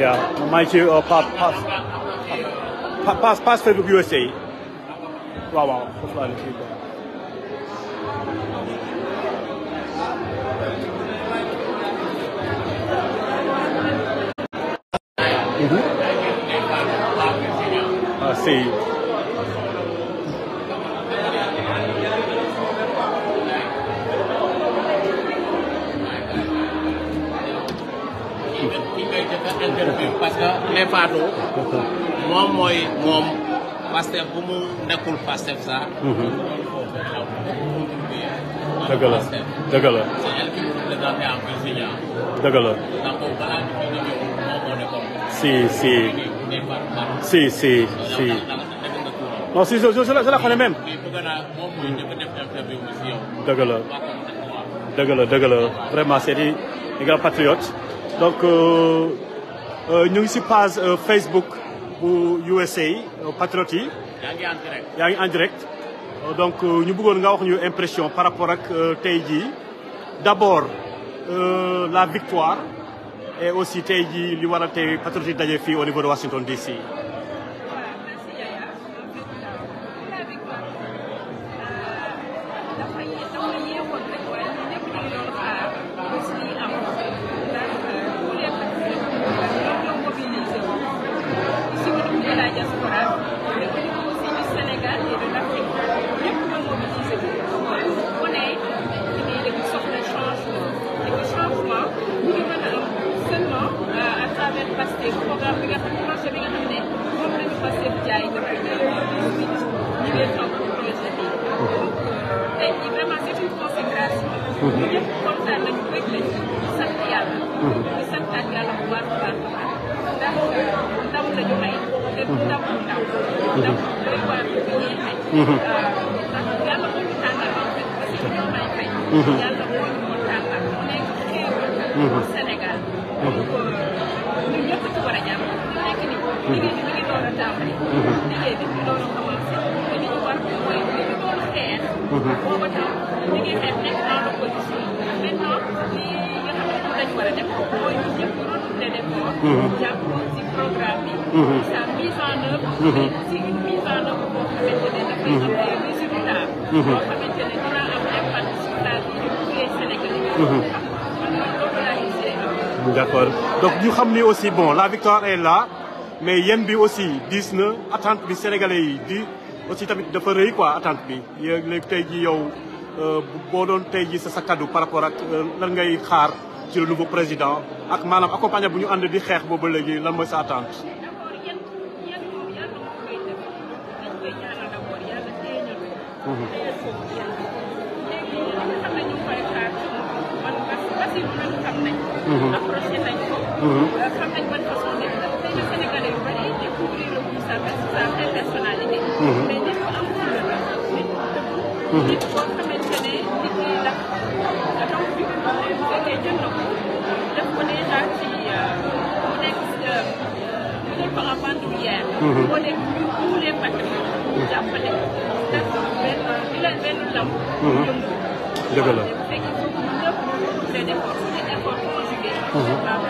Yeah, my you uh, pass, pass, pass, pass Facebook USA. Wow, wow, that's what I Mm -hmm. I see. interview parce que les Fatou moom mooy moom Pastef bu mu nekkul Pastef sax. Mhm. dëgg la dëgg si si si si si. non si je je la connais même. dëgg la dëgg vraiment c'est des grands patriotes donc. Euh, Nous euh, ngi page euh, Facebook ou USA euh, Patriot. nous y ngi en direct donc nous avoir une impression par rapport à Taïdi. D'abord, la victoire et aussi Taïdi, Le li Patriot au niveau de Washington DC. jaay ñëpp ñu ngi leen toog pour ñu leen liggéey. tey jii vraiment c'est une consécration. ñëpp kontaan nañu rek lañu sant yàlla. ñu santaat yàlla bu baax a baax a baax ndax ndam la ñu may. te du ndam bu ndaw. ndam doy waar bi ñuy xaj. ndax yàlla moo ñu tàngal ba fekk parce que ñoo may xaj. yàlla moo ñu ko tàngal mu nekk xéewal. pour Sénégal. donc ñun ñëpp ci war a jàpp nekk ni liggéey bi d'accord donc aussi bon la victoire est là mais yéen bi aussi diis na attente bi sénégalais yi di aussi tamit dafa reuy quoi attente bi yéen léegi tey jii yow euh, boo doon tey jii sa sa cadeau par rapport ak euh, lan ngay xaar ci le nouveau président ak manam accompagné bu ñu and di xeex boobu legi lan mooy sa attente. Mm-hmm. sa sa vraie personnalité. mais nit ku am fulla la nit ku dëgg. nit koo xamante ne nit ñi la donc bu fekkee jël na ko def ko déjà ci mu nekk mu nekk en bandoulière. mu nekk tous les patrimoines. jàppale ko ndax benn benn benn lamb. dëgg la fekk il faut que mu def des efforts des efforts conjugués.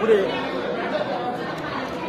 これ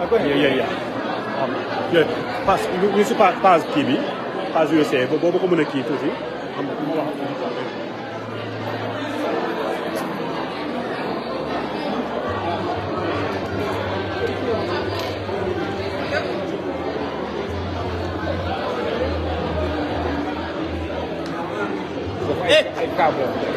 あこれいやいやいやいやパス ñu si page page kii bi page USA boobu ko mën a kii tuuti xam nga mu wax Ei! Aí, cabra.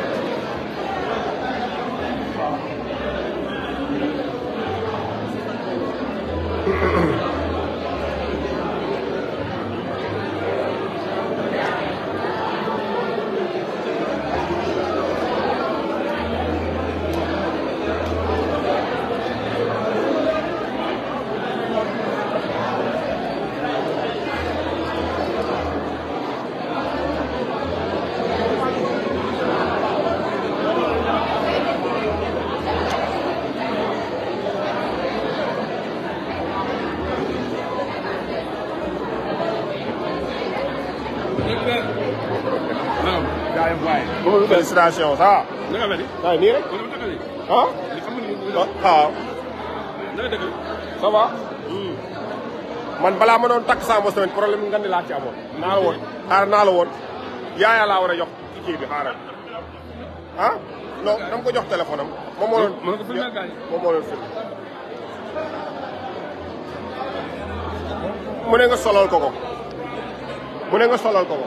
destination ça. waaye man balaa ma doon takk sama semaine problème nga ne laa ci amoon. naa la woon xaaral laa war a jox ci kii bi xaaral ah non ko jox téléphone am. moom moo doon moom moo nga solal ko ko ne nga solal ko ko.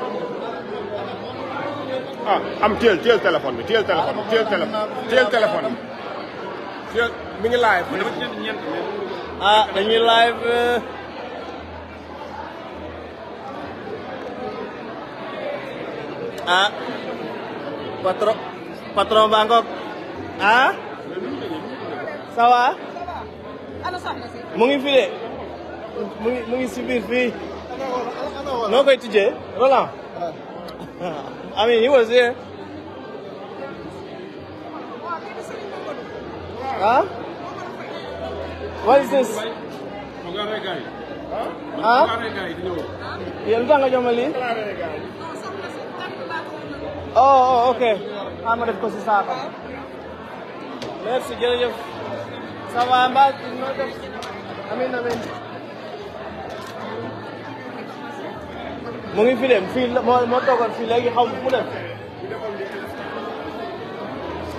ah am téel téel téléphone bi téel ah, téléphone bi téel téléphone téel téléphone patron patron baa ngoog ah. fi de mu ngi mu ngi si biir fii. noo koy Roland. Ah. I mean, he was here. Huh? What is this? Huh? Yalutanga Jomali? Oh, oh, okay. I'm going to go to Merci, Let's va, Amad? I mean, I mean. mu ngi fi dem fii moo moo fii léegi xaw ma fu mu dem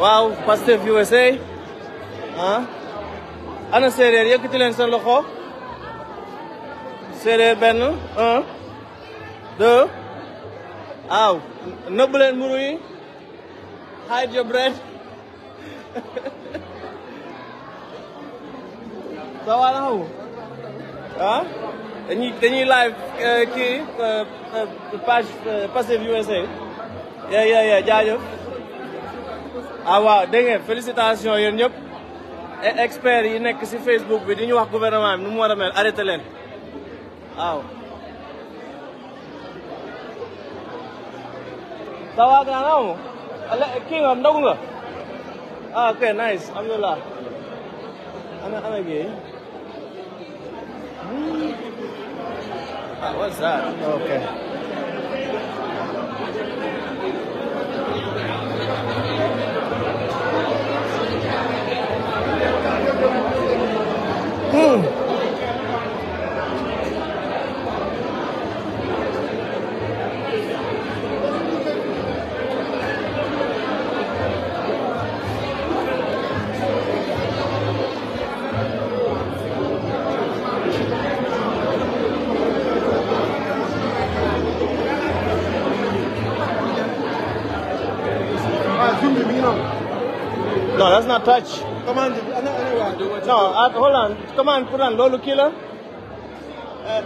waaw Pastef USA ah. séeréer yëkkati leen seen loxo séeréer benn un deux waaw nëbb leen mburu yi hide your sa waa na xaw dañuy dañuy live euh, kii euh, euh, page Pastef USA yee yee yee jaajëf ah waaw dégg ngeen félicitations yéen e, yi nekk ci Facebook bi di ñu wax gouvernement bi nu mu war a mel arrêté leen waaw tawaag naa naamu kii nga ndogu nga ah ok nice alhamdulilah ana ana gi What's that? Okay. touch. Come uh, on, no, uh, hold on. Come on, put on Lolo Killer. Uh,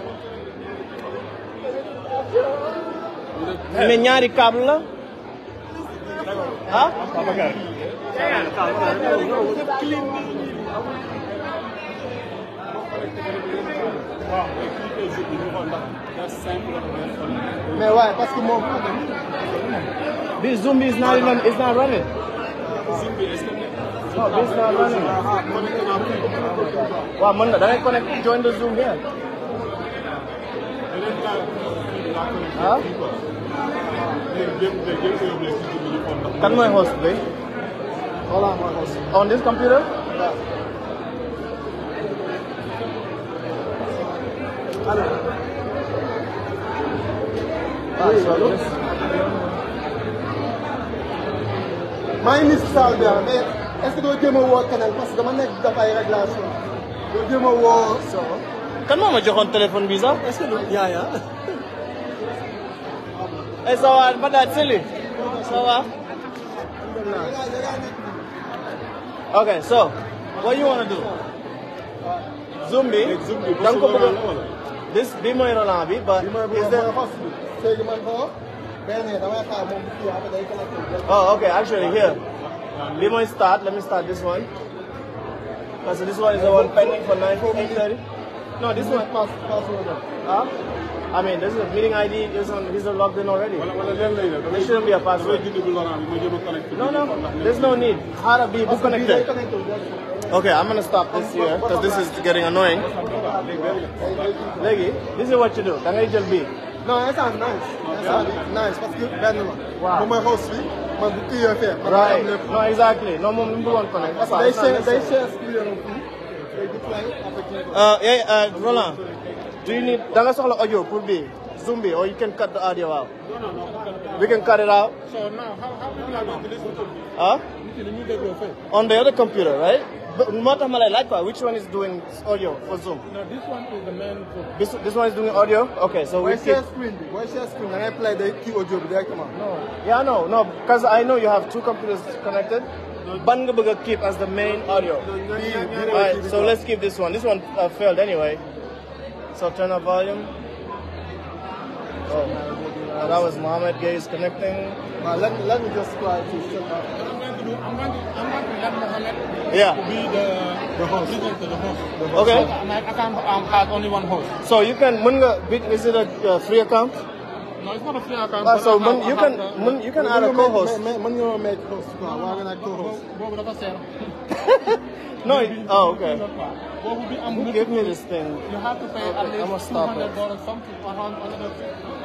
Ini nyari kabel lah. Hah? Apa This Zumbi is not even, It's not running. Zumbi, est-ce que... No, this not running. Wow, Munda, then I connect, join the Zoom here. Huh? Can my host play? Hold on, my host. On this computer? Yeah. Mine is Salvia, mate est-ce que doo jéem a woo keneen parce que dama nekk def ay régulation doo jéem a woo Sokh. kan moo ma joxoon téléphone bi sax est-ce que du Yaya. eh ça va Badaad Sëli ça va. ok so what you wanna do. zoom bi da nga ko bëggoon this bi mooy Roland bi but is there oh okay actually here. We must start. Let me start this one. Okay, uh, so this one is the one pending for 9:30. No, this one. Pass, pass over. Huh? I mean, this is a meeting ID. This one, these are logged in already. Uh, there shouldn't be a password. No, no. There's no need. How to be book connected. Okay, I'm gonna stop this here because this is getting annoying. Leggy, this is what you do. Can I just be? No, that sounds nice. That sounds nice. Parce que, ben, moi, moi aussi, man du kii yooyu fee. right no exactly non moom li mu bëggoon connect. day share day share experience day deploy uh, Yeah. hey uh, Roland. do you need da nga audio pour bi Zoom or you can cut the audio out. no no no. we can cut it out. so now how how people are going to listen to. ah. on the other computer right. Not Malay, likewise. Which one is doing audio for Zoom? No, this one is the main Zoom. This, this one is doing audio? Okay, so we share screen? Why share screen? Can I play the key audio on. No. Yeah, no, no, because I know you have two computers connected. Bangabuga keep as the main audio. Alright, so let's keep this one. This one uh, failed anyway. So turn up volume. Oh. Uh, that was Mohammed Gays connecting. Uh, let, let me just try to shut up. I'm going to, do, I'm going to, I'm going to let Mohammed yeah. to be the, the host. the host. Okay. So I, can um, have only one host. So you can, Munga, is it a uh, free account? No, it's not a free account. Uh, so account, you, can, the, mun, you can add a co-host. Munga make host. Why can I co-host? No, it, oh, okay. What Who gave me this thing? You have to pay okay, at least $200 something, $100